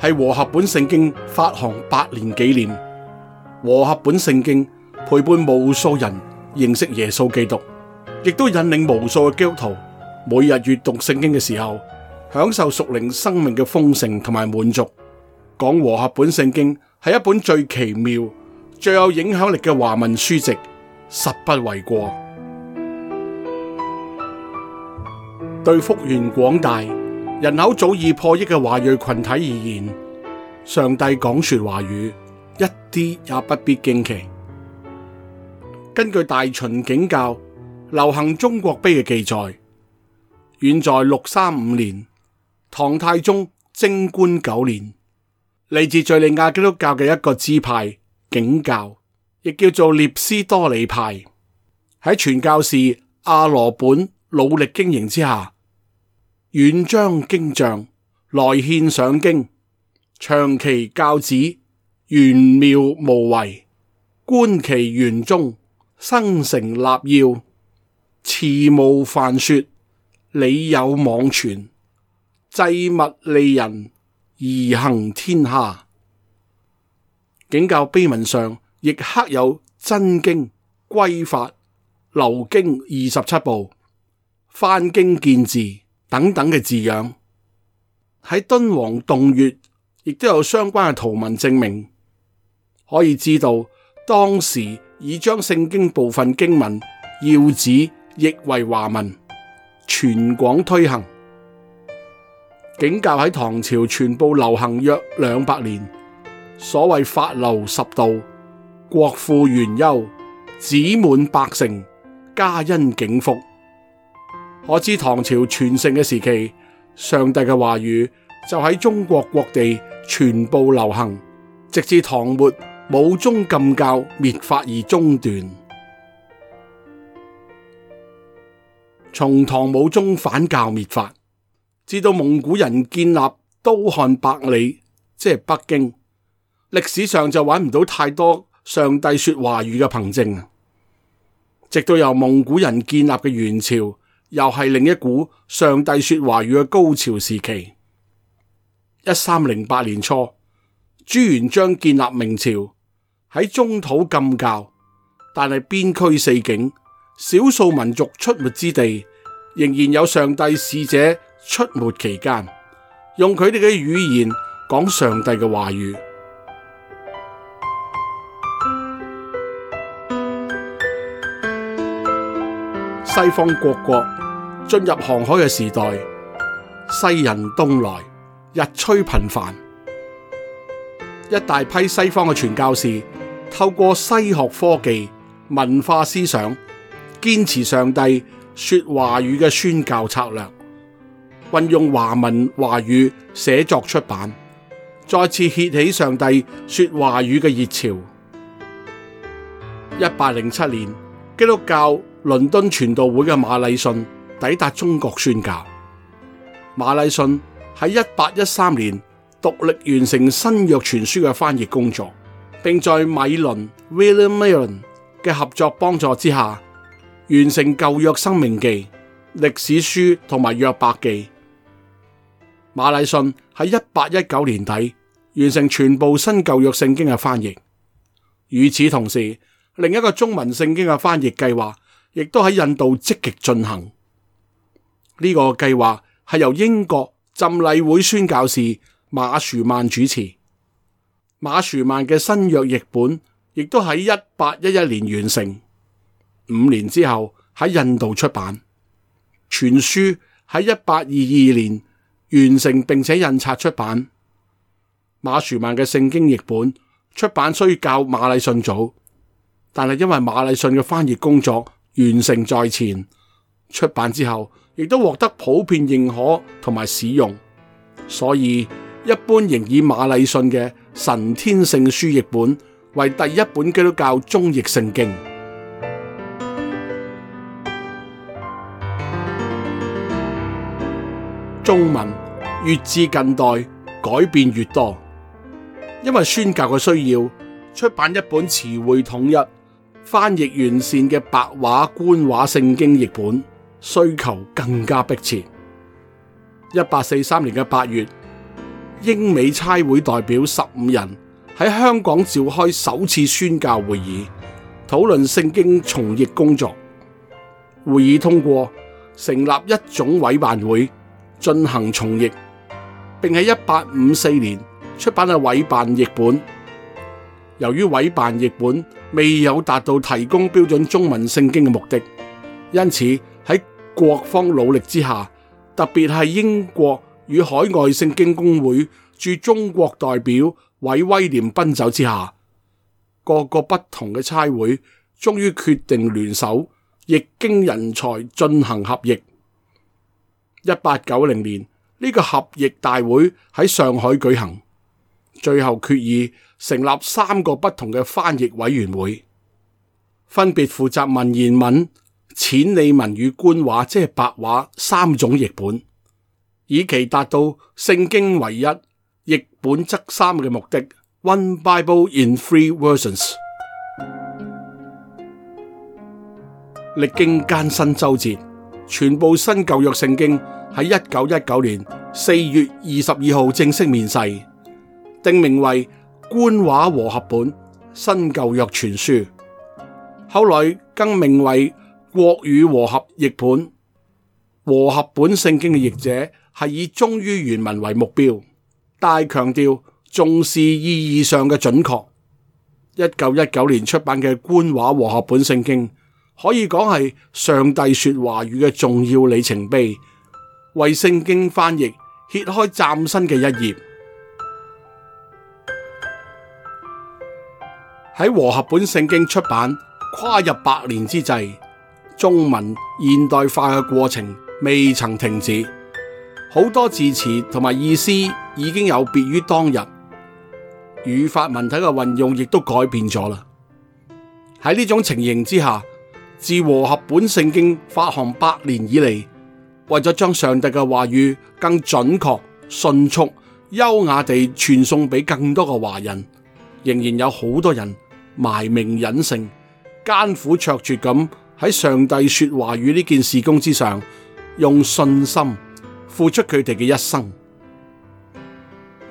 是和合本聖經發行百年紀念，和合本聖經陪伴無數人認識耶穌基督，亦都引領無數嘅基督徒每日閱讀聖經嘅時候，享受屬靈生命嘅豐盛同埋滿足。講和合本聖經是一本最奇妙、最有影響力嘅華文書籍，實不為過。對福原，廣大。人口早已破億嘅華裔群體而言，上帝講說華語一啲也不必驚奇。根據大秦景教流行中國碑嘅記載，遠在六三五年，唐太宗貞觀九年，嚟自敘利亞基督教嘅一個支派景教，亦叫做聶斯多里派，喺傳教士阿羅本努力經營之下。遠將經像，來獻上經；長期教子，玄妙無為；觀其緣宗，生成立要；慈無梵說，理有網全；濟物利人，宜行天下。景教碑文上亦刻有真經歸法流經二十七部，翻經見字。等等嘅字樣，喺敦煌洞穴亦都有相關嘅圖文證明，可以知道當時已將聖經部分經文要旨譯為華文全廣推行。景教喺唐朝全部流行約兩百年，所謂法流十道，國富元優，子滿百城，家殷景福。可知唐朝全盛嘅時期，上帝嘅話語就喺中國各地全部流行，直至唐末武宗禁教滅法而中斷。從唐武宗反教滅法，至到蒙古人建立都漢百里，即是北京，歷史上就揾唔到太多上帝說華語嘅憑證，直到由蒙古人建立嘅元朝。又係另一股上帝說華語嘅高潮時期。一三零八年初，朱元璋建立明朝，喺中土禁教，但係邊區四境、少數民族出沒之地，仍然有上帝使者出沒期間，用佢哋嘅語言講上帝嘅華語。西方各國進入航海嘅時代，西人東來，日趨頻繁。一大批西方嘅傳教士透過西學科技、文化思想，堅持上帝說華語嘅宣教策略，運用華文華語寫作出版，再次掀起上帝說華語嘅熱潮。一八零七年，基督教。倫敦傳道會嘅馬禮遜抵達中國宣教。馬禮遜喺一八一三年獨立完成新約全書嘅翻譯工作，並在米倫 William Milne 嘅合作幫助之下，完成舊約生命記、歷史書同埋約伯記。馬禮遜喺一八一九年底完成全部新舊約聖經嘅翻譯。與此同時，另一個中文聖經嘅翻譯計劃。亦都喺印度積極進行呢個計劃，係由英國浸禮會宣教士馬殊曼主持馬殊曼。馬殊曼嘅新約譯本亦都喺一八一一年完成，五年之後喺印度出版。全書喺一八二二年完成並且印刷出版馬殊。馬殊曼嘅聖經譯本出版雖較馬禮遜早，但係因為馬禮遜嘅翻譯工作。完成在前，出版之後亦都獲得普遍認可同埋使用，所以一般仍以馬禮遜嘅《神天聖書譯本》為第一本基督教中譯聖經。中文越至近代，改變越多，因為宣教嘅需要，出版一本詞彙統一。翻譯完善嘅白話官話聖經譯本，需求更加迫切。一八四三年嘅八月，英美差會代表十五人喺香港召開首次宣教會議，討論聖經重譯工作。會議通過成立一種委辦會進行重譯，並喺一八五四年出版的委辦譯本。由於委辦譯本未有達到提供標準中文聖經嘅目的，因此喺各方努力之下，特別係英國與海外聖經公會駐中國代表委威廉奔走之下，各個不同嘅差會終於決定聯手，譯經人才進行合譯。一八九零年呢，這個合譯大會喺上海舉行。最後決議成立三個不同嘅翻譯委員會，分別負責文言文、淺理文與官話（即是白話）三種譯本，以期達到聖經唯一譯本則三嘅目的 （One Bible in three versions）。歷經艱辛周折，全部新舊約聖經喺一九一九年四月二十二號正式面世。定名為官話和合本新舊約全書，後來更名為國語和合譯本。和合本聖經嘅譯者係以忠於原文為目標，但係強調重視意義上嘅準確。一九一九年出版嘅官話和合本聖經，可以講係上帝說華語嘅重要里程碑，為聖經翻譯揭開嶄新嘅一頁。喺和合本聖經出版跨入百年之際，中文現代化嘅過程未曾停止，好多字詞同埋意思已經有別於當日，語法文體嘅運用亦都改變咗啦。喺呢種情形之下，自和合本聖經發行百年以嚟，為咗將上帝嘅話語更準確、迅速、優雅地傳送俾更多嘅華人，仍然有好多人。埋名隱姓，艱苦卓絕咁喺上帝說華語呢件事工之上，用信心付出佢哋嘅一生。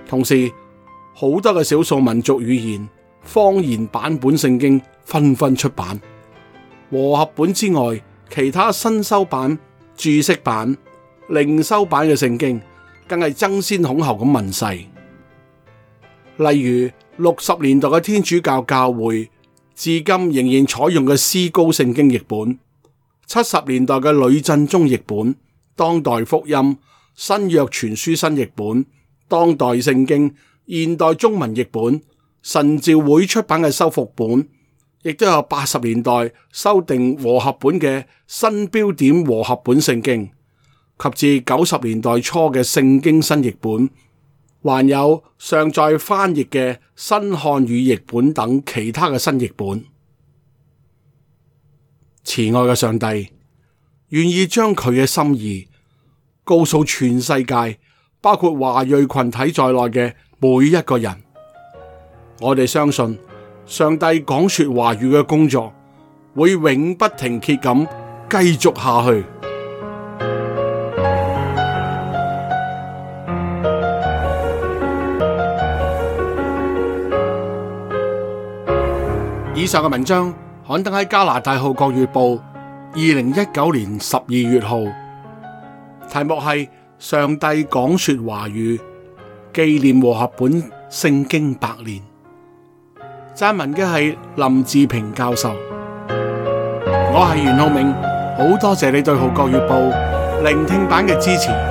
同時，好多嘅少數民族語言、方言版本聖經紛紛出版。和合本之外，其他新修版、註釋版、靈修版嘅聖經，更係爭先恐後咁問世。例如，六十年代嘅天主教教會至今仍然採用嘅思高聖經譯本，七十年代嘅呂振中譯本，當代福音新約全書新譯本，當代聖經現代中文譯本，神召會出版嘅修復本，亦都有八十年代修訂和合本嘅新標點和合本聖經，及至九十年代初嘅聖經新譯本。還有尚在翻譯嘅新漢語譯本等其他嘅新譯本。慈愛嘅上帝願意將佢嘅心意告訴全世界，包括華裔群體在內嘅每一個人。我哋相信上帝講說華語嘅工作會永不停歇咁繼續下去。以上嘅文章刊登喺加拿大浩國月報二零一九年十二月號，題目係《上帝講說華語紀念和合本聖經百年》。撰文嘅係林志平教授。我係袁浩明，好多謝你對浩國月報聆聽版嘅支持。